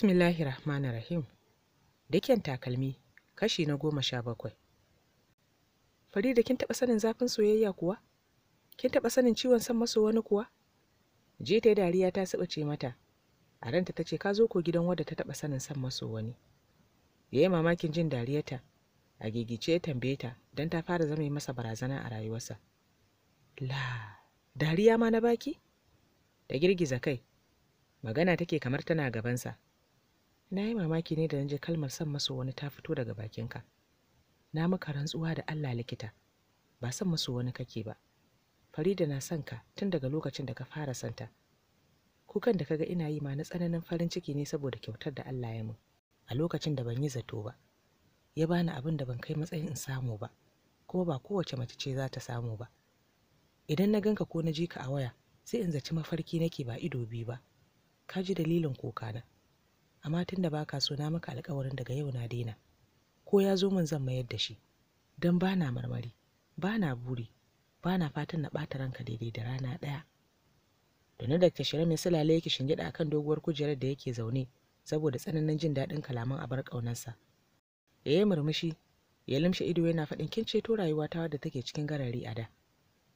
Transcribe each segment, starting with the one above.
Bismillahir Rahmanir Rahim. Dikin takalmi kashi na goma sha bakwai. Farida kin taɓa sanin zafin soyayya kuwa? Kin taɓa sanin ciwon san maso wani kuwa? Je ta dariya ta ce mata. A ranta ta ce ka zo ko gidan wadda ta taɓa sanin san maso wani. yayi mamakin jin dariyarta. A gigice ya tambaye ta don ta fara zama masa barazana a rayuwarsa. La, dariya ma na baki? Ta girgiza kai. Magana take kamar tana gabansa. na yi mamaki ne da na je kalmar san masu wani ta fito daga bakinka na maka rantsuwa da allah likita ba san masu wani kake ba farida na son ka tun daga lokacin da ka fara santa kukan da kaga ina yi ma na tsananin farin ciki ne saboda kyautar da allah ya min a lokacin da ban yi zato ba ya bani abin da ban kai matsayin in samu ba kuma ba kowace mace ce za ta samu ba idan na ganka ko na ji ka a waya sai in zaci mafarki nake ba ido biyu ba ka ji dalilin kokana amma tunda ba ka so na maka alkawarin daga yau na daina ko ya zo min zan mayar da shi don ba na marmari ba na buri ba na fatan na ɓata ranka daidai da rana ɗaya Dona da Shira mai sulale yake shingiɗa akan doguwar kujerar da yake zaune saboda tsananin jin daɗin kalaman abar ƙaunarsa. Ya yi murmushi, ya limshe ido yana faɗin kin ceto rayuwa ta wadda take cikin garari a da.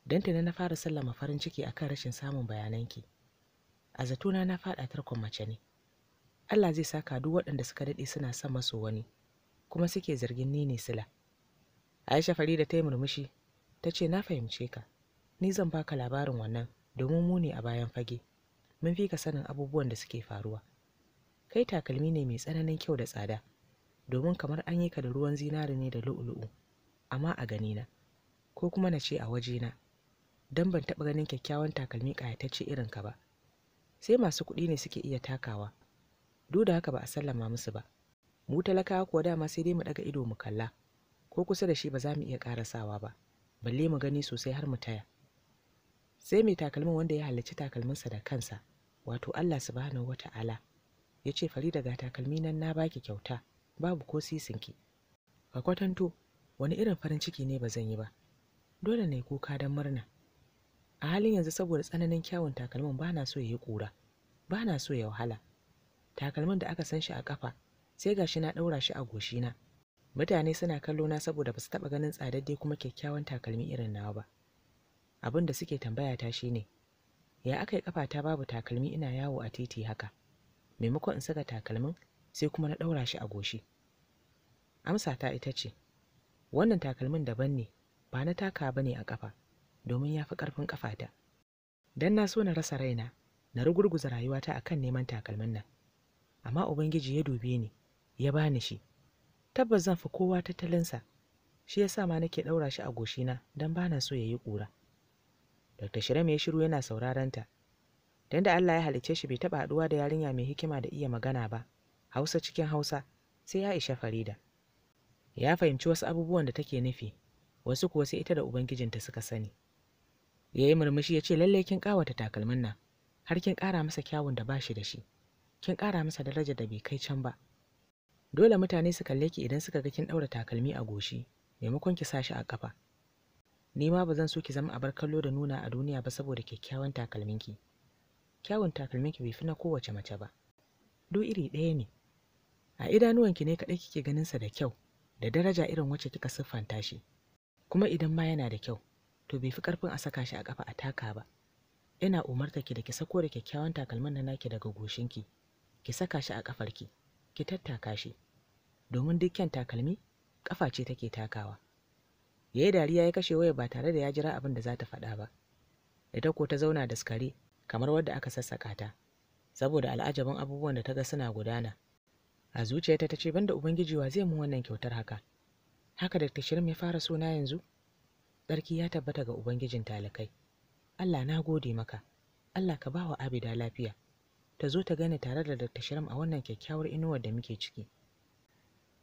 don tuni na fara sallama farin ciki akan rashin samun bayananki. A zatona na faɗa tarkon mace ne. Allah zai saka duk waɗanda suka daɗe suna son maso wani kuma suke zargin ni ne sila Aisha Farida ta yi murmushi ta ce na fahimce ka ni zan baka labarin wannan domin mu ne a bayan fage mun fi ka sanin abubuwan da suke faruwa kai takalmi ne mai tsananin kyau da tsada domin kamar an yi ka da ruwan zinari ne da lu'ulu'u amma a ganina ko kuma na ce a wajena don ban taɓa ganin kyakkyawan takalmi ƙayatacce irin ka ba sai masu kuɗi ne suke iya takawa duk da haka ba a sallama musu ba mu talakawa kuwa dama sai dai mu daga ido mu kalla ko kusa da shi ba za mu iya karasawa ba balle mu gani sosai har mu taya sai mai takalmin wanda ya halarci takalminsa da kansa wato Allah subhanahu wata'ala ya ce fari daga takalmi nan na baki kyauta babu ko sisinki ka kwatanto wani irin farin ciki ne ba zan yi ba dole ne kuka don murna a halin yanzu saboda tsananin kyawun takalmin ba na so ya yi kura ba na so ya wahala takalmin da aka san shi a kafa sai ga shi na ɗaura shi a goshina mutane suna kallo na saboda ba su taɓa ganin tsadadde kuma kyakkyawan takalmi irin nawa ba abin da suke tambaya ta shine ya aka yi ƙafata babu takalmi ina yawo a titi haka maimakon in saka takalmin sai kuma na ɗaura shi a goshi amsa ta ita ce wannan takalmin daban ne ba na taka ba ne a ƙafa domin ya fi ƙarfin ƙafata Dan na so na rasa raina na rugurguza rayuwata a kan neman takalmin nan amma ubangiji ya dube ni ya bani shi tabbas zan fi kowa tattalinsa shi yasa ma nake ɗaura shi a goshina don bana so ya yi ƙura dr shirem ya shiru yana sauraron ta don da allah ya halicce shi bai taɓa haɗuwa da yarinya mai hikima da iya magana ba hausa cikin hausa sai ya isha farida ya fahimci wasu abubuwan da take nufi wasu kuwa sai ita da ubangijinta suka sani ya yi murmushi ya ce lallai kin ƙawata takalmin nan har kin ƙara masa kyawun da ba shi da shi kin ƙara masa daraja da bai kai can ba dole mutane su kalle ki idan suka ga kin ɗaura takalmi a goshi maimakon ki sa shi a ƙafa ni ma ba zan so ki zama a bar kallo da nuna a duniya ba saboda kyakkyawan takalminki kyawun takalminki bai fi na kowace mace ba duk iri ɗaya ne a idanuwanki ne kaɗai kike ganin sa da kyau da daraja irin wacce kika siffanta shi kuma idan ma yana da kyau to bai fi ƙarfin a saka shi a ƙafa a taka ba ina umarta ki da ki sako da kyakkyawan takalmin na naki daga goshinki ki saka shi a ƙafarki ki tattaka shi domin kyan takalmi ƙafa ce take takawa ya yi dariya ya kashe waya ba tare da ya jira abin da za ta faɗa ba ita ko ta zauna da skare kamar wadda aka sassaƙa ta saboda al'ajabin abubuwan da ta ga suna gudana a zuciyarta ta ce banda ubangiji wa zai mu wannan kyautar haka haka da tashirin ya fara suna yanzu tsarki ya tabbata ga ubangijin talakai allah na gode maka allah ka ba wa abida lafiya ta zo ta gani tare da Dr. Shiram a wannan kyakkyawar inuwar da muke ciki.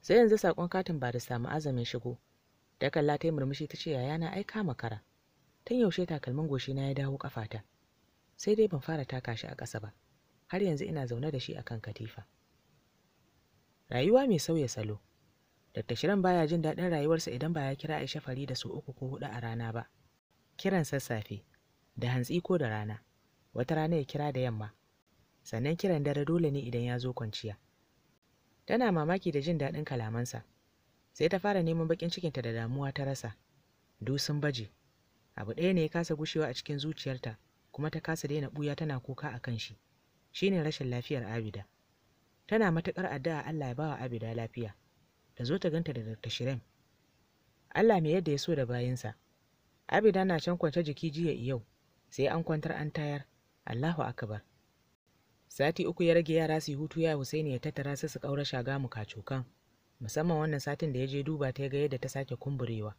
Sai yanzu sakon katin ba da samu azamin shigo. Da kalla ta murmushi ta ce yaya na aika makara. Tun yaushe takalmin goshi na ya dawo kafata. Sai dai ban fara taka shi a ƙasa ba. Har yanzu ina zaune da shi akan katifa. Rayuwa mai sauya salo. Dr. Shiram baya jin daɗin rayuwarsa idan ba ya kira Aisha da su uku ko huɗu a rana ba. Kiran sassafe, da hantsi ko da rana, wata rana ya kira da yamma, sannan kiran dare dole ne idan ya zo kwanciya tana mamaki da jin daɗin kalamansa sai ta fara neman baƙin cikinta da damuwa ta rasa dusun baje abu ɗaya ne ya kasa gushewa a cikin zuciyarta kuma ta kasa daina ɓuya tana kuka a kan shi ne rashin lafiyar abida tana matuƙar addu'a allah ya bawa abida lafiya ta zo ta ganta da dr shirem allah mai yadda ya so da bayansa abida na can kwance jiki jiya yau sai an kwantar an tayar allahu akbar sati uku ya rage yara su hutu ya husaini ya tattara su su kaura shaga mu kacokan musamman wannan satin da ya je duba ta ga yadda ta sake kumburewa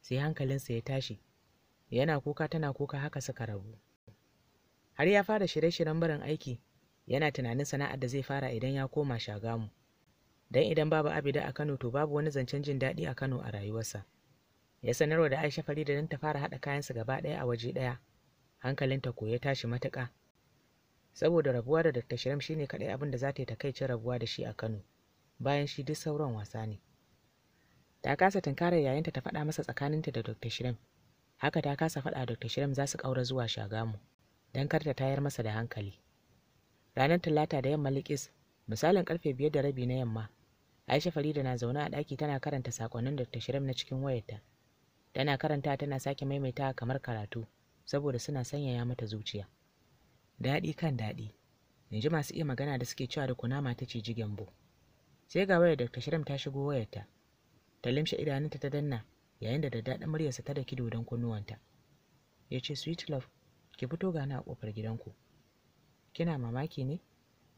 sai hankalinsa ya tashi yana kuka tana kuka haka suka rabu har ya fara shirye-shiryen barin aiki yana tunanin sana'ar da zai fara idan ya koma shaga mu dan idan babu abida a kano to babu wani zancen jin daɗi a kano a rayuwarsa ya sanarwa da aisha farida don ta fara haɗa su gaba ɗaya a waje ɗaya hankalinta ko ya tashi matuƙa saboda rabuwa da Dr. Shiram shine kaɗai abin da za ta yi takaicin rabuwa da shi a Kano bayan shi duk sauran wasa ne ta kasa tunkarar yayinta ta faɗa masa tsakaninta da Dr. Shiram haka ta kasa faɗa Dr. Shiram za su ƙaura zuwa Shagamu don kar ta tayar masa da hankali ranar Talata da yamma Likis misalin karfe biyar da rabi na yamma Aisha Farida na zaune a ɗaki tana karanta sakonnin Dr. Shiram na cikin wayarta tana karanta tana sake maimaita kamar karatu saboda suna sanyaya mata zuciya daɗi kan daɗi in ji masu iya magana da suke cewa da kunama ta ce jigyambo sai ga wayar dr shiram ta shigo wayarta ta limshe idanunta ta danna yayin da daddaɗin muryarsa ta da kido don kunnuwanta ya ce sweet love ki fito gana a ƙofar gidanku kina mamaki ne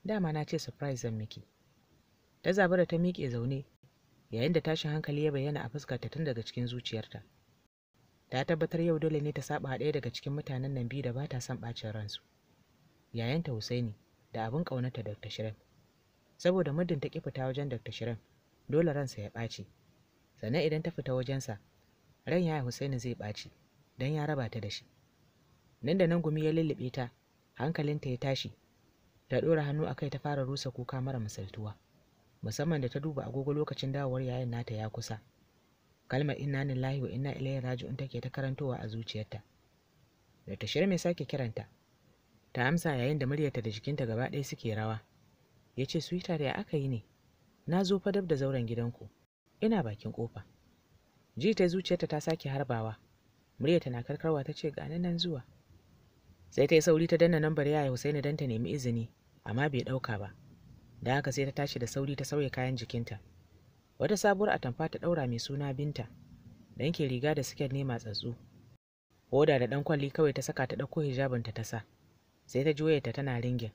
dama na ce surprise zan miki ta da ta miƙe zaune yayin da tashin hankali ya bayyana a fuskarta tun daga cikin zuciyarta ta tabbatar yau dole ne ta saba ɗaya daga cikin mutanen nan biyu da ba ta son ɓacin ransu yayanta Husaini da abin ƙaunata Dr. Shirin. Saboda muddin ta ƙi fita wajen Dr. Shirin, dole ransa ya ɓaci. Sannan idan ta fita wajensa, ran yaya Husaini zai ɓaci, don ya raba ta da shi. Nan da nan gumi ya lullube ta, hankalinta ya tashi, ta ɗora hannu a kai ta fara rusa kuka mara misaltuwa, musamman da ta duba agogo lokacin dawowar yayan nata ya kusa. Kalmar inna lillahi wa inna ilaihi raji'un take ta karantowa a zuciyarta. Dr. Shirin mai sake kiranta, ta amsa yayin da muryarta da jikinta gaba ɗaya suke rawa ya ce suita da aka yi ne na zo fadab da zauren gidanku ina bakin kofa ji ta zuciyarta ta sake harbawa muryarta na karkarwa ta ce ga nan zuwa sai ta yi sauri ta danna nambar yaya Husaini don ta nemi izini amma bai ɗauka ba da haka sai ta tashi da sauri ta sauya kayan jikinta wata sabuwar atamfa ta ɗaura mai suna binta Dan ke riga da siket ne tsatsu hoda da ɗan kwalli kawai ta saka ta ɗauko hijabinta ta sa sai ta ta tana ringin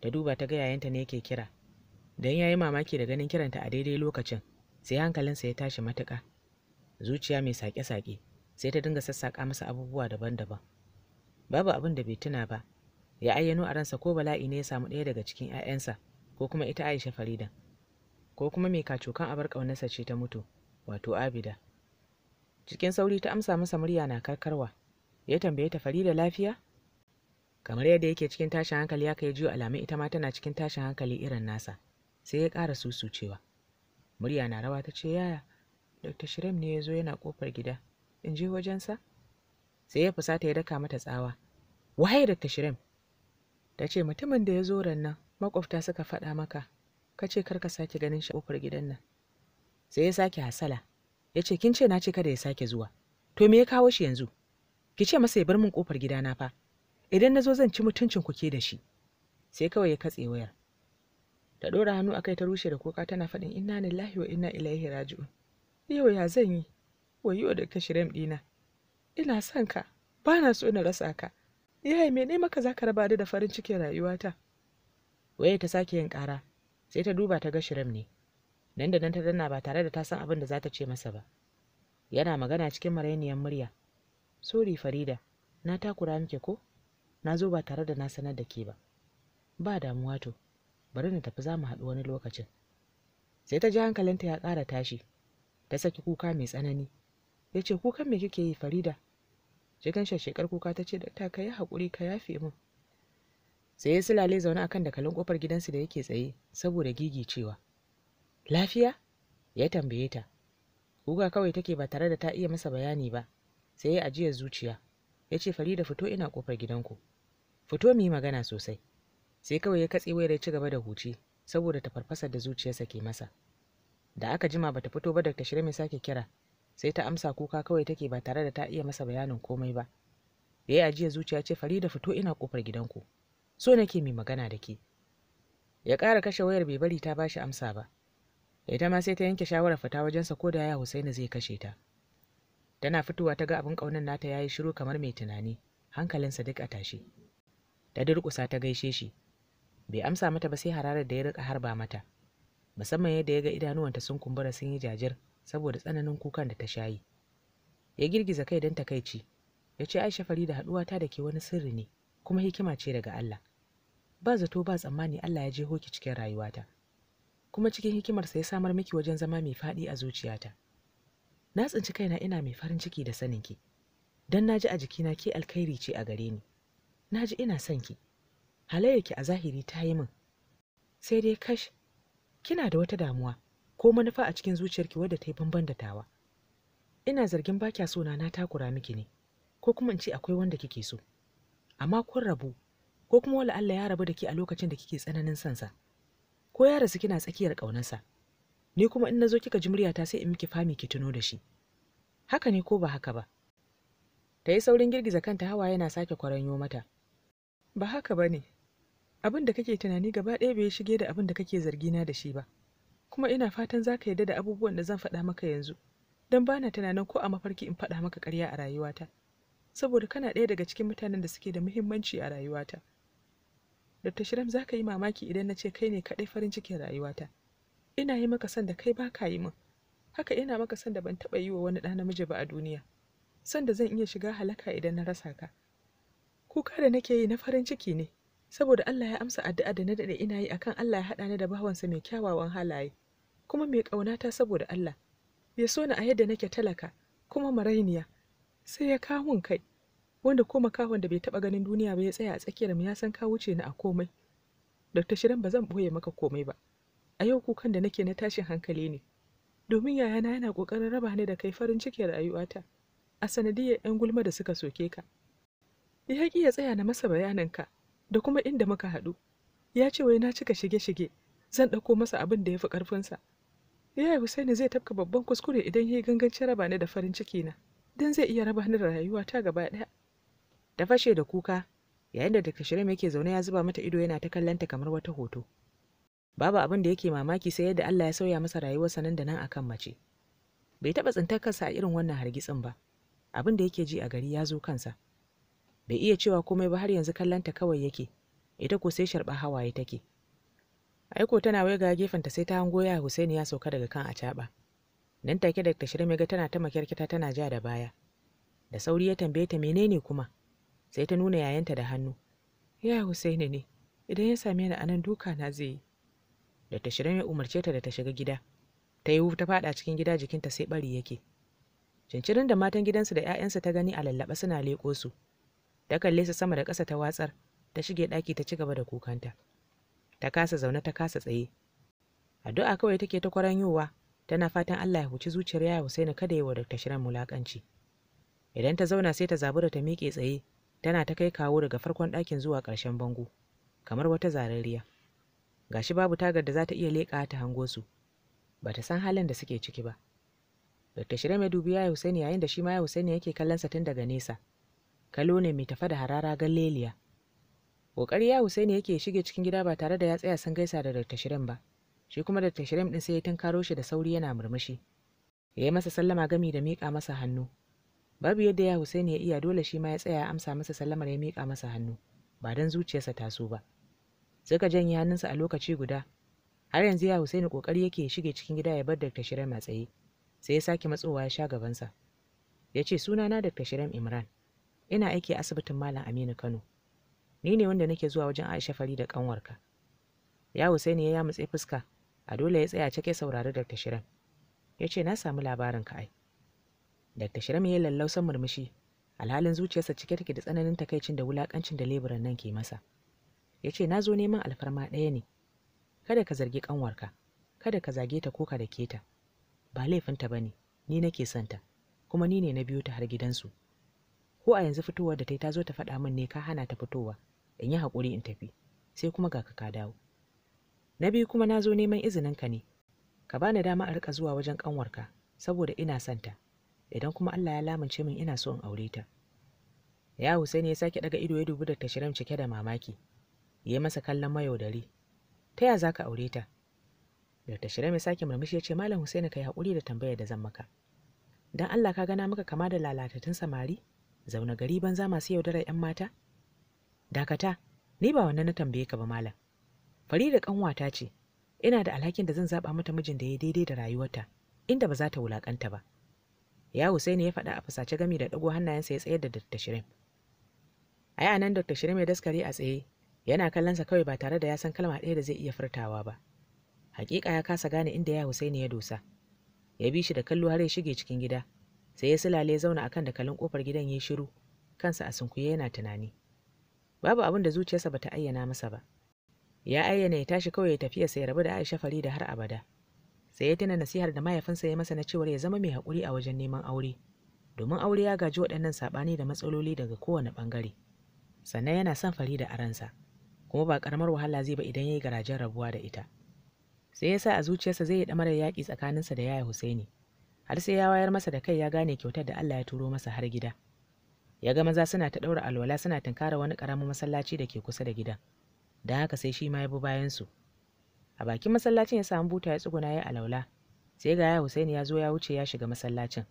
ta duba ta ga yayanta ne yake kira dan yayi mamaki da ganin kiranta a daidai lokacin sai hankalinsa ya tashi matuƙa zuciya mai saƙe-saƙe, sai ta dinga sassaƙa masa abubuwa daban-daban babu abin da bai tuna ba ya ayyano a ransa ko bala'i ne ya samu ɗaya daga cikin 'ya'yansa ko kuma ita aisha farida ko kuma mai kacokan abar ƙaunarsa ce ta mutu wato abida cikin sauri ta amsa masa murya na karkarwa ya tambaye ta farida lafiya kamar yadda yake cikin tashin hankali ya kai jiyo alamun ita ma tana cikin tashin hankali irin nasa sai ya ƙara susucewa murya na rawa ta ce yaya dr shirem ne ya zo yana ƙofar gida in je wajensa sai ya fusata ya daka mata tsawa waye dr shirem ta ce mutumin da ya zo ran nan makwabta suka faɗa maka ka ce kar sake ganin shi ƙofar gidan nan sai ya sake hasala ya ce kin ce na ce kada ya sake zuwa to me ya kawo shi yanzu ki ce masa ya bar min ƙofar gidana fa idan na zo zan ci mutuncin ku da shi sai kawai ya katse wayar ta ɗora hannu akai ta rushe da kuka tana faɗin inna lillahi wa inna ilaihi raji'un yau ya zan yi wayo da ka shirem ɗina ina son ka ba na so na rasa ka yaya ne maka zaka ka raba da farin cikin rayuwata waye ta sake yin ƙara sai ta duba ta ga shirem ne nan da nan ta danna ba tare da ta san abin da za ta ce masa ba yana magana cikin marainiyar murya sori farida na takura muke ko na zo ba tare da na sanar da ke ba ba damuwa to bari na tafi za mu haɗu wani lokacin sai ta ji hankalinta ya ƙara tashi ta saki kuka mai tsanani ya ce kukan me kike yi farida jigan shashekar kuka ta ce ta ka yi haƙuri ka yafe min sai ya silale zaune a kan dakalin ƙofar gidansu da yake tsaye saboda gigi cewa lafiya ya tambaye ta kuka kawai take ba tare da ta iya masa bayani ba sai ya ajiyar zuciya ya ce farida fito ina ƙofar gidanku fito mu yi magana sosai sai kawai ya katse wayar ya ci gaba da huce, saboda ta farfasa da zuciyarsa ke masa da aka jima bata fito ba da Dr. Shirme sake kira sai ta amsa kuka kawai take ba tare da ta iya masa bayanin komai ba ya yi ajiya zuciya ce fari da fito ina kofar gidanku so nake mai magana da ke ya ƙara kashe wayar bai bari ta bashi amsa ba ita ma sai ta yanke shawarar fita wajensa ko da ya Husaini zai kashe ta tana fitowa ta ga abin ƙaunar nata ya yi shiru kamar mai tunani hankalinsa duk a tashi ta durƙusa ta gaishe shi bai amsa mata ba sai hararar da ya rika harba mata musamman yadda ya ga idanuwanta sun kumbura sun yi jajir saboda tsananin kukan da ta yi. ya girgiza kai don takaici ya ce aisha fari haɗuwa ta da ke wani sirri ne kuma hikima ce daga Allah ba zato ba tsammani Allah ya je hoki cikin rayuwata kuma cikin hikimarsa ya samar miki wajen zama mai faɗi a zuciyata na tsinci kaina ina mai farin ciki da saninki don na ji a jikina ke alkhairi ce a gare ni na ji ina son ki halayyarki a zahiri ta yi min sai dai kash kina da wata damuwa ko manufa a cikin zuciyarki wadda ta yi bamban da tawa ina zargin ba kya sona na takura miki ne ko kuma in ce akwai wanda kike so amma kun rabu ko kuma wala Allah ya rabu da ke a lokacin da kike tsananin sansa ko ya rasu kina tsakiyar ƙaunarsa ni kuma in na zo kika ji muryata sai in miki fami ki tuno da shi haka ne ko ba haka ba ta yi saurin girgiza kanta hawa yana sake kwaranyo mata ba haka ba ne abin da kake tunani gaba ɗaya bai shige da abin da kake zargina da shi ba kuma ina fatan za ka yarda da abubuwan da zan faɗa maka yanzu don bana tunanin ko a mafarki in faɗa maka ƙarya a rayuwata saboda kana ɗaya daga cikin mutanen da suke da muhimmanci a rayuwata dr shiram za ka yi mamaki idan na ce kai ne kaɗai farin cikin rayuwata ina yi maka son da kai ba ka yi min haka ina maka son da ban taɓa yi wa wani ɗa namiji ba a duniya son da zan iya shiga halaka idan na rasa ka kuka da nake yi na farin ciki ne saboda Allah ya amsa addu'a da na daɗe ina yi akan Allah ya haɗa ni da bawansa mai kyawawan halaye kuma mai ƙaunata saboda Allah ya so ni a yadda nake talaka kuma marainiya sai ya kawo kai wanda ko makahon da bai taɓa ganin duniya ba ya tsaya a tsakiyar mu ya san ka wuce ni a komai Dr. Shirin ba zan ɓoye maka komai ba a yau kukan da nake na tashin hankali ne domin yayana yana kokarin raba ni da kai farin cikin rayuwata a sanadiyar 'yan gulma da suka soke ka ya ƙi ya tsaya na masa bayaninka da kuma inda muka haɗu ya ce wai na cika shige-shige zan ɗauko masa abin da ya fi ƙarfinsa yaya husaini zai tafka babban kuskure idan ya yi gangancin raba ni da farin ciki na don zai iya raba ni da rayuwata gaba ɗaya ta fashe da kuka yayin da daga shirin yake zaune ya zuba mata ido yana ta kallonta kamar wata hoto babu abin da yake mamaki sai yadda Allah ya sauya masa rayuwarsa nan da nan akan mace bai taɓa tsintar kansa a irin wannan hargitsin ba abin da yake ji a gari ya zo kansa bai iya cewa komai ba har yanzu kallanta kawai yake ita ko sai sharba hawaye take aiko tana waiga gefenta sai ta hango ya Husaini ya sauka daga kan acaba nan take da ta shirme ga tana ta makyarkita tana ja da baya da sauri ya tambaye ta menene kuma sai ta nuna yayanta da hannu ya Husaini ne idan ya same ni anan duka na zai yi da ta ya umarce ta da ta shiga gida ta yi ta faɗa cikin gida jikinta sai bari yake cincirin da matan gidansu da 'ya'yansa ta gani a lallaɓa suna leƙo su ta kalle su sama da ƙasa ta watsar ta shige ɗaki ta ci gaba da kukanta ta kasa zaune ta kasa tsaye addu'a kawai take ta kwaranyowa tana fatan Allah ya huci zuciyar yaya Husaini kada yi wa Dr. Shirin mulakanci idan ta zauna sai ta zabura ta miƙe tsaye tana ta kai kawo daga farkon ɗakin zuwa ƙarshen bango kamar wata zarariya gashi babu tagar da za ta iya leƙa ta hango su ba ta san halin da suke ciki ba Dr. Shirem ya dubi Yaya Husaini yayin da shi ma Yaya Husaini yake kallon sa tun daga nesa kalo ne mai tafa da harara leliya. kokari ya husaini yake shige cikin gida ba tare da ya tsaya sun gaisa da dr shirin ba shi kuma dr shirin din sai ya tunkaro shi da sauri yana murmushi ya yi masa sallama gami da miƙa masa hannu babu yadda ya husaini ya iya dole shi ma ya tsaya amsa masa sallamar ya miƙa masa hannu ba don zuciyarsa ta so ba suka janye hannunsa a lokaci guda har yanzu ya husaini kokari yake shige cikin gida ya bar dr shirin tsaye sai ya sake matsowa ya sha gabansa ya ce sunana dr shirin imran ina aiki a asibitin malam aminu kano ni ne wanda nake zuwa wajen aisha fari da kanwarka ya husaini ya mutse fuska a dole ya tsaya cike saurari dr shirin ya ce na samu labarin ka ai dr shirin ya lallausan murmushi alhalin zuciyarsa cike take da tsananin takaicin da wulakancin da leburan nan ke masa ya ce na zo neman alfarma ɗaya ne kada ka zargi kanwarka kada ka zage ta ko ka dake ta ba laifinta ba ne ni nake santa kuma ni ne na biyo ta har gidansu ko a yanzu fitowar da ta yi ta zo ta faɗa min ne ka hana ta fitowa in yi haƙuri in tafi sai kuma ga ka dawo na biyu kuma na zo neman izinin ka ne ka bani dama a rika zuwa wajen ƙanwarka saboda ina son ta idan kuma Allah ya lamince min ina so in aure ta ya Husaini ya sake daga ido ya dubi da tashiram cike da mamaki ya masa kallon mayaudari ta ya zaka aure ta da tashiram ya sake murmushi ya ce malam ka kai haƙuri da tambayar da zan maka dan Allah ka gana maka kama da lalatattun samari zauna gari banza masu yaudarar 'yan mata dakata ni ba wannan na tambaye ka ba malam farida ƙanwata ce ina da alhakin da zan zaɓa mata mijin da ya daidai da rayuwarta inda ba za ta wulaƙanta ba ya husaini ya faɗa a fasace gami da ɗago hannayensa ya tsayar da dr Shirim. a yi nan dr Shirim ya daskare a tsaye yana kallon sa kawai ba tare da ya san kalma ɗaya da zai iya furtawa ba hakika ya kasa gane inda ya husaini ya dosa ya bi shi da kallo har ya shige cikin gida sai ya silale zauna akan dakalin kofar gidan ya shiru kansa a sunkuye yana tunani babu abin da zuciyarsa bata ayyana masa ba ya ayyana ya tashi kawai ya tafiya sai rabu da Aisha Farida har abada sai ya tuna nasihar da mahaifinsa ya masa na cewa ya zama mai hakuri a wajen neman aure domin aure ya gaji waɗannan saɓani da matsaloli daga kowane ɓangare sannan yana son Farida a ransa kuma ba ƙaramar wahala zai ba idan ya yi garajen rabuwa da ita sai ya sa a zuciyarsa zai yi ɗamarar yaƙi tsakaninsa da yaya Husaini har sai ya wayar masa da kai ya gane kyautar da Allah ya turo masa har gida ya ga maza suna ta ɗaura alwala suna tunkara wani ƙaramin masallaci da ke kusa da gidan don haka sai shi ma ya bi bayansu a bakin masallacin ya samu buta ya tsuguna ya alwala sai ga ya Husaini ya zo ya wuce ya shiga masallacin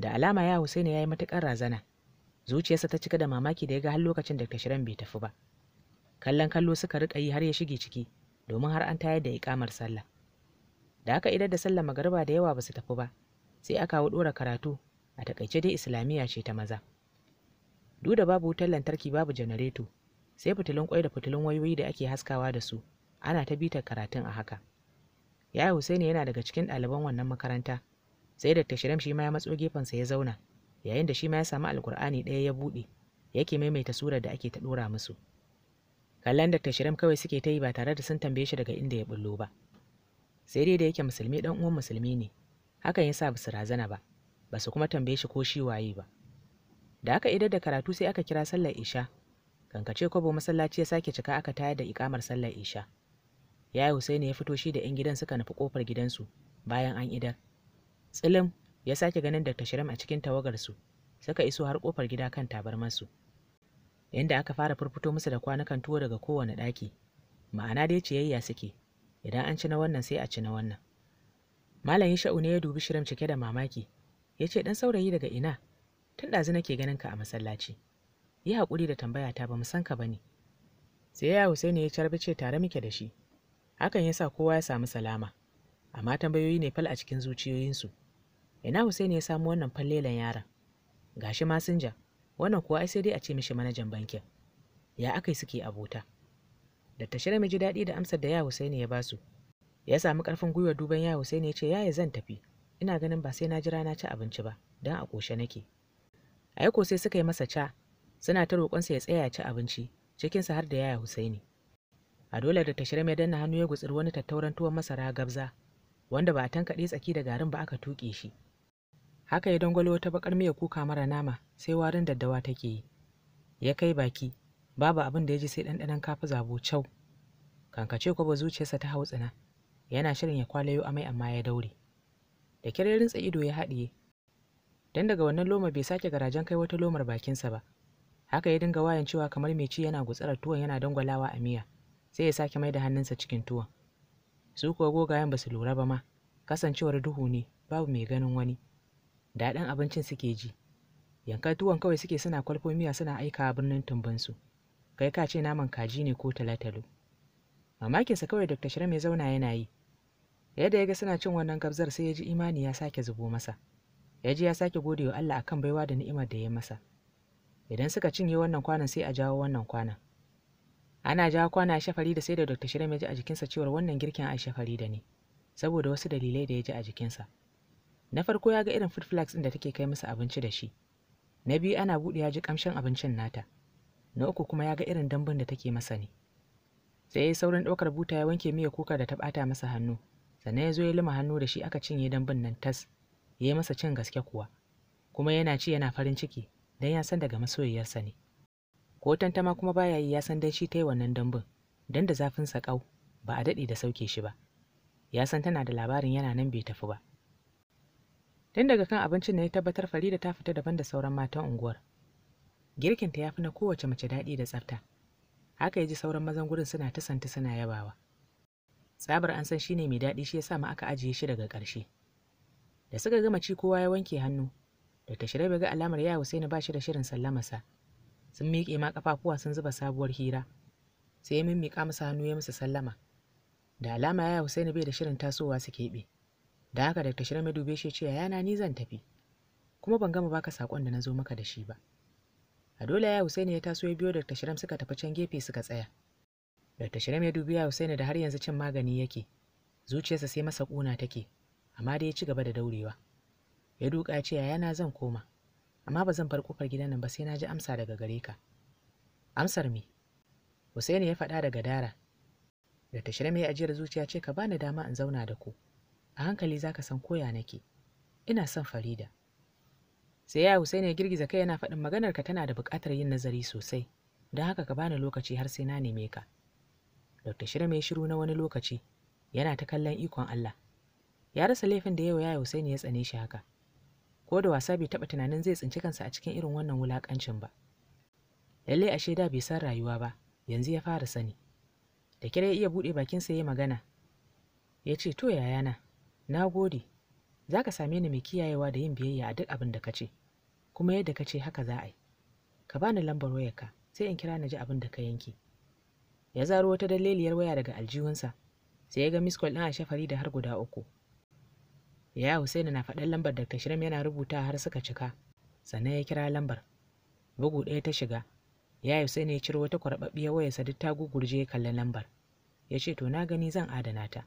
da alama ya Husaini ya yi matuƙar razana zuciyarsa ta cika da mamaki da ya ga har lokacin da shirin bai tafi ba kallon kallo suka riƙa yi har ya shige ciki domin har an tayar da iƙamar sallah da haka idan da sallah magariba da yawa ba su tafi ba sai aka hau ɗora karatu a takaice dai islamiyya ce ta maza duk da babu wutar lantarki babu janareto sai fitilun kwai da fitilun wayoyi da ake haskawa da su ana ta bitar karatun a haka yaya husaini yana daga cikin ɗaliban wannan makaranta sai da tashiram shi ma ya matso gefensa ya zauna yayin da shi ma ya samu alkur'ani ɗaya ya buɗe yake maimaita surar da ake ta ɗora musu kallon da tashiram kawai suke ta yi ba tare da sun tambaye shi daga inda ya bullo ba sai dai da yake musulmi ɗan uwan musulmi ne hakan ya sa basu razana ba basu kuma tambaye shi ko shi waye ba da aka idar da karatu sai aka kira sallar isha kankace kwabo masallaci ya sake cika aka tayar da ikamar sallar isha yaya ne ya fito shi da yan gidan suka nufi kofar gidansu bayan an idar tsilim ya sake ganin dr shirim a cikin tawagarsu suka iso har kofar gida kan tabarmarsu inda aka fara furfuto musu da kwanukan tuwo daga kowane ɗaki ma'ana dai ciyayya suke idan an ci na wannan sai a ci na wannan Malamin sha'u ne ya dubi shirin cike da mamaki. Ya ce ɗan saurayi daga ina? Tun ɗazu nake ganin ka a masallaci. Yi haƙuri da tambaya ta ba mu san ka ba ne. Sai ya Hussaini ya carbice tare muke da shi. Hakan ya sa kowa ya samu salama. Amma tambayoyi ne fal a cikin zuciyoyinsu. Ina Husaini ya samu wannan fallelan yaron. Gashi masinja, wannan kuwa ai sai dai a ce mishi manajan bankin. Ya aka yi suke abota. Da ta shirya ji daɗi da amsar da ya Hussaini ya basu. ya samu karfin gwiwa duban ya ne ya ce yaya zan tafi ina ganin ba sai na jira na ci abinci ba don a koshe nake aiko sai suka yi masa ca suna ta roƙonsa ya tsaya ya ci abinci cikinsa har da yaya Husaini a dole da tashiram mai danna hannu ya gutsiri wani tattauran tuwon masara gabza wanda ba a tankaɗe tsaki da garin ba aka tuƙe shi haka ya dangwalo wata bakar miya kuka mara nama sai warin daddawa take yi ya kai baki babu abin da ya ji sai ɗanɗanon kafa zabo cau kankace kwaba zuciyarsa ta hautsina yana shirin ya kwalayo amai amma ya daure da kyar rintsa ido ya haɗiye Don daga wannan loma bai sake garajen kai wata lomar bakinsa ba haka ya dinga wayan cewa kamar mai ci yana gutsarar tuwon yana dangwalawa a miya sai ya sake mai da hannunsa cikin tuwon su kuwa gogayen ba su lura ba ma kasancewar duhu ne babu mai ganin wani daɗin abincin suke ji yankan tuwon kawai suke suna kwalfo miya suna aika a birnin tumbunsu. kai ka ce naman kaji ne ko talatalo mamakinsa kawai dr shirme zauna yana yi yadda ya ga suna cin wannan gabzar, sai ya ji imani ya sake zubo masa ya ji ya sake gode wa Allah akan baiwa da ni'imar da ya masa idan suka cinye wannan kwanan sai a jawo wannan kwanan ana jawo kwana a shafari da sai da Dr. shirin ya ji a jikinsa cewar wannan girkin a shafari da ne saboda wasu dalilai da ya ji a jikinsa na farko ya ga irin food flags ɗin da take kai masa abinci da shi na biyu ana buɗe ya ji ƙamshin abincin nata na uku kuma ya ga irin dambun da take masa ne sai ya yi saurin ɗaukar buta ya wanke miya kuka da ta ɓata masa hannu sannan ya zo ya lima hannu da shi aka cinye dambun nan tas ya yi masa cin gaske kuwa kuma yana ci yana farin ciki don ya san daga masoyiyarsa ne ko tantama kuma baya yi ya san dai shi ta yi wannan dambun don da zafin sa kau ba a daɗe da sauke shi ba ya san tana da labarin yana nan bai tafi ba tun daga kan abincin na ya tabbatar farida ta fita daban da sauran matan unguwar girkinta ya fi na kowace mace daɗi da tsafta haka ya ji sauran mazan gurin suna ta santi suna yabawa tsabar an san shine mai daɗi shi yasa ma aka ajiye shi daga ƙarshe da suka gama ci kowa ya wanke hannu dr shirabe ga alamar yaya husaini ba shi da shirin sallamarsa sun miƙe ma ƙafafuwa sun zuba sabuwar hira sai ya mimmiƙa masa hannu ya musu sallama da alama yaya husaini bai da shirin tasowa su keɓe da haka dr shirabe dube shi ce yana ni zan tafi kuma ban gama baka saƙon da na zo maka da shi ba a dole yaya husaini ya taso ya biyo dr shiram suka tafi can gefe suka tsaya Dr. Shirem ya dubi Hussaini da har yanzu cin magani yake. Zuciyarsa sai masa kuna take, amma dai ya ci gaba da daurewa. Ya duka ya ce yana zan koma, amma ba zan bar kofar gidan nan ba sai na ji amsa daga gare ka. Amsar me? Hussaini ya faɗa daga dara. Dr. Shirem ya ajiyar zuciya ce ka bani dama in zauna da ku. A hankali zaka san koya nake. Ina son Farida. sai ya Hussein ya girgiza kai yana faɗin maganar ka tana da buƙatar yin nazari sosai don haka ka bani lokaci har sai na neme ka Dr. Shiram ya shiru na wani lokaci, yana ta kallon ikon Allah. Ya rasa laifin da yau yaya ne ya tsane shi haka. Ko da wasa bai taɓa tunanin zai tsinci kansa a cikin irin wannan wulaƙancin ba. Lallai ashe da bai san rayuwa ba, yanzu ya fara sani. Da kira ya iya buɗe sa ya magana. Ya ce, To yayana, na gode, za ka same ni mai kiyayewa da yin biyayya a duk abin da ka ce, kuma yadda ka ce haka za a yi. Ka bani lambar wayarka, sai in kira na ji abin da ka yanke. ya zaro wata dalleliyar waya daga aljihunsa sai ya ga miskol ɗin a shafari da har guda uku ya Hussaini na faɗan lambar Dr. tashiram yana rubuta har suka cika sannan ya kira lambar bugu ɗaya ta shiga ya na ya ciro wata kwarɓaɓɓiyar wayarsa duk ta gugurje ya kalli lambar ya ce to na gani zan adana ta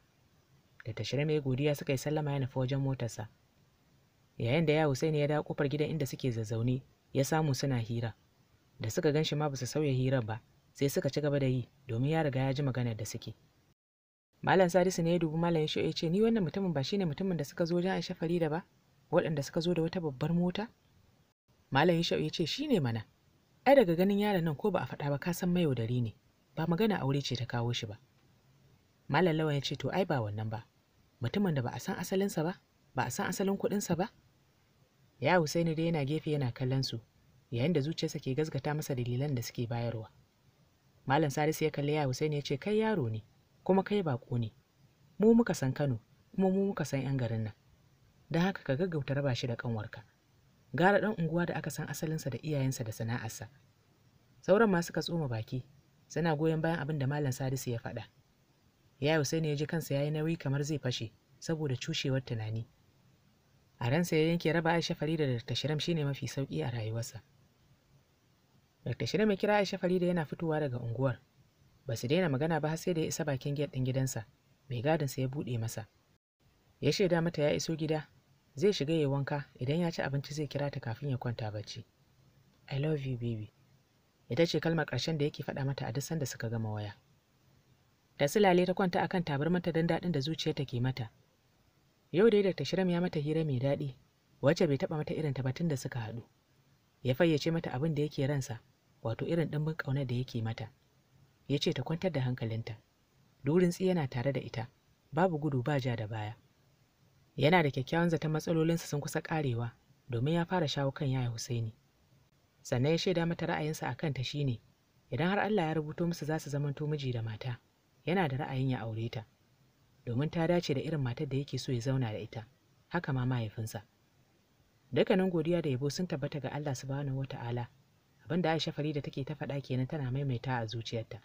Da tashiram ya godiya suka yi sallama ya nufi wajen motarsa yayin da ya Hussaini ya dawo kofar gidan inda suke zazzaune ya samu suna hira da suka gan shi ma ba su sauya hirar ba sai suka ci gaba da yi domin ya riga ya ji maganar da suke malam sadisu ne ya dubi malam shi ya ce ni wannan mutumin ba shine mutumin da suka zo jan aisha farida ba waɗanda suka zo da wata babbar mota malam ya ya ce shine mana ai daga ganin yaron nan ko ba a faɗa ba ka san mayaudari ne ba magana aure ce ta kawo shi ba malam lawan ya ce to ai ba wannan ba mutumin da ba a san asalinsa ba ba a san asalin kuɗinsa ba ya Husaini dai yana gefe yana kallon su yayin da zuciyarsa ke gazgata masa dalilan da suke bayarwa malam salisu ya kalli ya husaini ya ce kai yaro ne kuma kai bako ne mu muka san kano kuma mu muka san ƴan garin nan don haka ka gaggauta raba shi da kanwarka gara ɗan unguwa da aka san asalinsa da iyayensa da sana'arsa sauran masu suka tsoma baki suna goyon bayan abin da malam salisu ya faɗa ya husaini ya ji kansa ya yi nauyi kamar zai fashe saboda cushewar tunani a ransa ya yanke raba aisha farida da tashiram shine mafi sauki a rayuwarsa Dr. Shirin mai kira Aisha Farida yana fitowa daga unguwar. Ba su daina magana ba har sai da ya isa bakin gate ɗin gidansa. Mai gadinsa ya buɗe masa. Ya shaida mata ya iso gida, zai shiga ya wanka idan ya ci abinci zai kira ta kafin ya kwanta bacci. I love you baby. Ita ce kalmar ƙarshen da yake faɗa mata a duk sanda suka gama waya. Da silale ta kwanta akan tabarmata don daɗin da zuciyarta take mata. Yau dai da Tashiram ya mata hira mai daɗi, wacce bai taɓa mata irin ta batun da suka haɗu. Ya fayyace mata abin da yake ransa, wato irin ɗimbin ƙaunar da yake mata ya ce ta kwantar da hankalinta durin tsi yana tare da ita babu gudu ba ja da baya yana da kyakkyawan zaton matsalolinsa sun kusa ƙarewa domin ya fara shawo kan yaya husaini sannan ya shaida mata ra'ayinsa a kanta ne, idan har allah ya rubuto musu za su zamanto miji da mata yana da ra'ayin ya aure ta domin ta dace da irin matar da yake so ya zauna da ita haka ma mahaifinsa dukkanin godiya da yabo sun tabbata ga allah subhanahu Ta'ala. Banda Aisha Farida take ta faɗa kenan tana maimaita a zuciyarta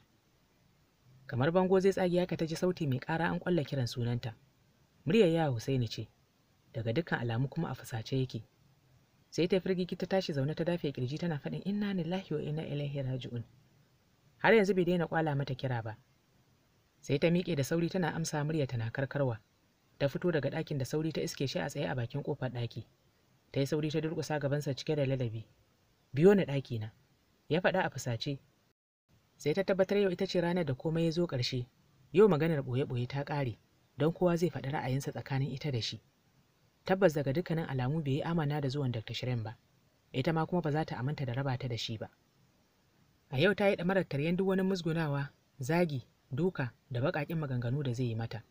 kamar bango zai tsagi haka ta ji sauti mai ƙara an ƙwalla kiran sunanta muryar ya Husaini ce daga dukkan alamu kuma a fusace yake sai ta firgigi ta tashi zaune ta dafe kirji tana faɗin inna lillahi wa inna ilaihi raji'un har yanzu bai daina kwala mata kira ba sai ta miƙe da sauri tana amsa murya tana karkarwa ta fito daga ɗakin da sauri ta iske shi a tsaye a bakin ƙofar ɗaki ta yi sauri ta durƙusa gabansa cike da ladabi biyo ni ɗakina ya faɗa a fusace sai ta tabbatar yau ita ce ranar da komai ya zo ƙarshe yau maganar ɓoye-ɓoye ta ƙare don kowa zai faɗi ra'ayinsa tsakanin ita da shi tabbas daga dukkanin alamu bai yi amana da zuwan dr shirin ba ita ma kuma ba za ta aminta da raba ta da shi ba a yau ta yi ɗamarar taryen duk wani musgunawa zagi duka da baƙaƙen maganganu da zai yi mata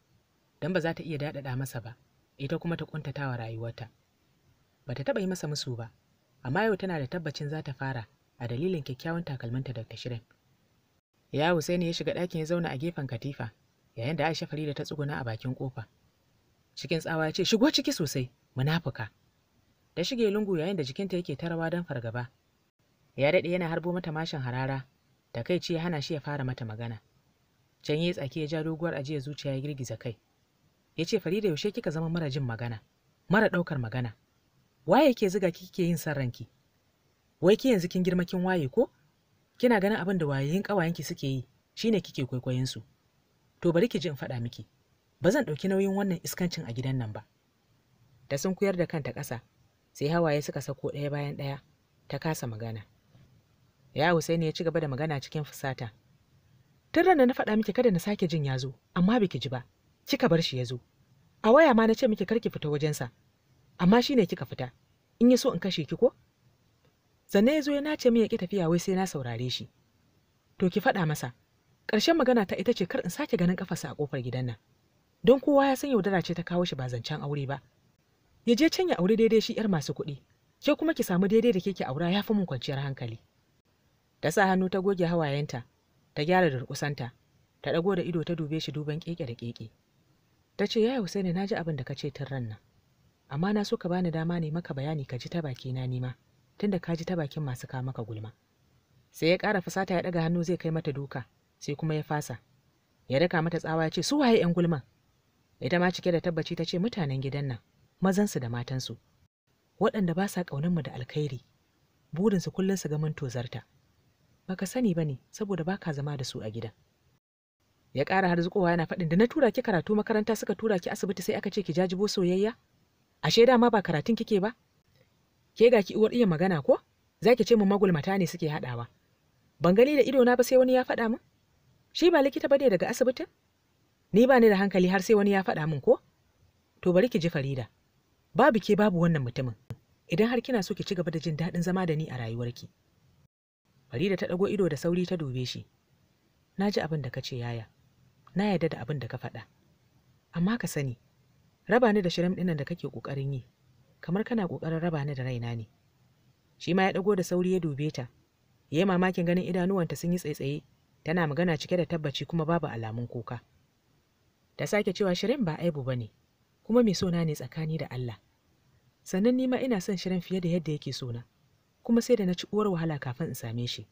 don ba za ta iya daɗaɗa masa ba ita kuma ta ƙuntatawa rayuwarta ba ta taɓa yi masa musu ba amma yau tana da tabbacin za ta fara a dalilin kyakkyawan takalminta ta Shirin. Ya ne ya shiga ɗakin ya zauna a gefen katifa, yayin da Aisha Farida ta tsuguna a bakin kofa? Cikin tsawa ya ce, "Shigo ciki sosai, munafuka." Ta shige lungu yayin da jikinta yake tarawa don fargaba. Ya daɗe yana harbo mata mashin harara, kai ce ya hana shi ya fara mata magana. Can ya tsaki ya ja doguwar ajiyar zuciya ya girgiza kai. Ya ce, "Farida yaushe kika zama mara jin magana, mara ɗaukar magana?" waye ke zuga kike yin san ranki wai ki yanzu kin girma kin waye ko kina ganin abin da wayayin kawayenki suke yi shine kike kwaikwayon su to bari ki ji in faɗa miki ba zan ɗauki nauyin wannan iskancin a gidan nan ba da sun kuyar da kanta ƙasa sai hawaye suka sako ɗaya bayan ɗaya ta kasa magana ya ne ya ci gaba da magana cikin fusata tun ranar na faɗa miki kada na sake jin ya zo amma biki ji ba kika bar shi ya zo a waya ma na ce miki kar ki fita wajensa amma shi ne kika fita in ya so in kashe ki ko sannan ya zo ya nace min ya ƙi tafiya wai sai na saurare shi to ki faɗa masa ƙarshen magana ta ita ce kar in sake ganin kafarsa a ƙofar gidan nan don kowa ya san yaudara ce ta kawo shi ba zancen aure ba ya je can ya aure daidai shi yar masu kuɗi ke kuma ki samu daidai da keke aura ya fi mun kwanciyar hankali ta sa hannu ta goge hawayenta ta gyara da durƙusanta ta ɗago da ido ta dube shi duban keke da keke ta ce yaya ne na ji abin da ka ce tun ran nan amma na so ka bani dama ne maka bayani ka ji ta baki na nima tunda ka ji ta bakin masu ka maka gulma sai ya ƙara fasata ya ɗaga hannu zai kai mata duka sai kuma ya fasa ya daka mata tsawa ya ce su waye 'yan gulman ita ma cike da tabbaci ta ce mutanen gidan nan mazansu da matansu waɗanda ba sa mu da alkhairi burinsu kullum su ga mun tozarta baka sani ba ne saboda baka zama da su a gida ya ƙara har zuƙowa yana faɗin da na tura ki karatu makaranta suka tura ki asibiti sai aka ce ki jajibo soyayya ashe dama ba karatun kike ba ke ga ki uwar iya magana ko zaki ce mu magulmata ne suke haɗawa ban gani da ido na ba sai wani ya faɗa min shi ba likita bane daga asibitin ni ba ni da hankali har sai wani ya faɗa min ko to bari ki ji farida babu ke babu wannan mutumin idan har kina so ki ci gaba da jin daɗin zama da ni a rayuwarki farida ta ɗago ido da sauri ta dube shi na ji abin da ka ce yaya na yarda da abin da ka faɗa amma ka sani raba ni da shirin ɗinnan da kake ƙoƙarin yi kamar kana ƙoƙarin raba ni da raina ne shi ma ya ɗago da sauri ya dube ta ya yi mamakin ganin idanuwanta sun yi tsaitsaye tana magana cike da tabbaci kuma babu alamun kuka ta sake cewa shirin ba aibu ba ne kuma mai sona ne tsakani da Allah sannan ni ma ina son shirin fiye da yadda yake sona kuma sai da na ci uwar wahala kafin in same shi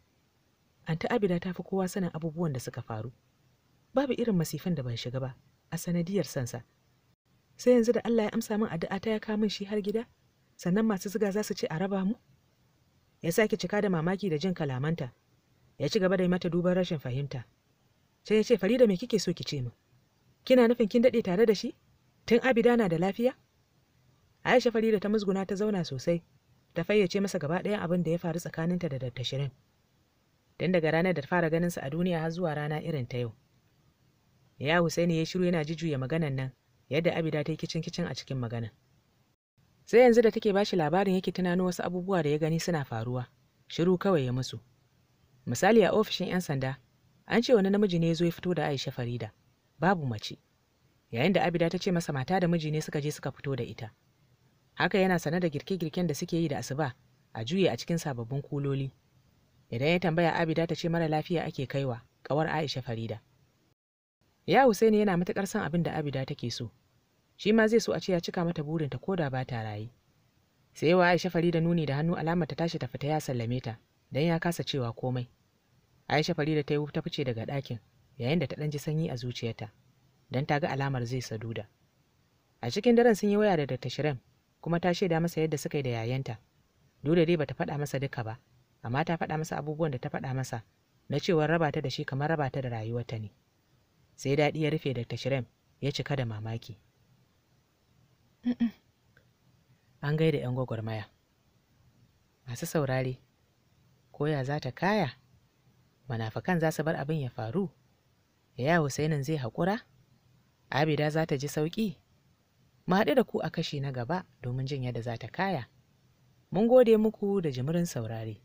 anta abida ta fi kowa sanin abubuwan da suka faru babu irin masifin da ban shiga ba a sanadiyar sansa sai yanzu da Allah ya amsa min addu'a ta ya kawo min shi har gida sannan masu ziga za su ce a raba mu ya sake cika da mamaki da jin kalamanta ya ci gaba da mata duban rashin fahimta sai ya ce farida me kike so ki ce min kina nufin kin daɗe tare da shi tun abida na da lafiya aisha farida ta musguna ta zauna sosai ta fayyace masa gaba ɗaya abin da ya faru tsakaninta da Dr. Shirin. Tun daga ranar da ta fara ganinsa a duniya har zuwa rana irin ta yau. Ya Husaini ya shiru yana jujjuya maganan nan, yadda abida ta yi kicin kicin a cikin magana. sai yanzu da take bashi labarin yake tunanin wasu abubuwa da ya gani suna faruwa shiru kawai ya musu misali a ofishin 'yan sanda an ce wani namiji ne ya zo ya fito da aisha farida babu mace yayin da abida ta ce masa mata da miji ne suka je suka fito da ita haka yana sane da girke-girken da suke yi da asuba a juye a cikin sababbin kuloli idan ya tambaya abida ta ce mara lafiya ake kaiwa kawar aisha farida ya hussaini yana matuƙar son abin da abida take so shi ma zai so a ce ya cika mata burinta ko da ba ta raye sai wa aisha farida nuni da hannu alamar ta tashi ta fita ya sallame ta dan ya kasa cewa komai aisha farida ta yi ta fice daga ɗakin yayin da ta ɗan ji sanyi a zuciyarta dan ta ga alamar zai saduda a cikin daren sun yi waya da Dr. Shirem kuma ta shaida masa yadda suka yi da yayanta dole dai bata faɗa masa duka ba amma ta faɗa masa abubuwan da ta faɗa masa na cewar raba ta da shi kamar raba ta da rayuwarta ne sai daɗi ya rufe Dr. Shirem ya cika da mamaki An gaida 'yan gwagwarmaya. Masu saurare, koya za ta kaya, manafakan za su bar abin ya faru, yaya Husainin zai haƙura, Abida za ta ji sauƙi, mu haɗu da ku a kashi na gaba domin jin yadda za ta kaya. Mun gode muku da jimirin saurare.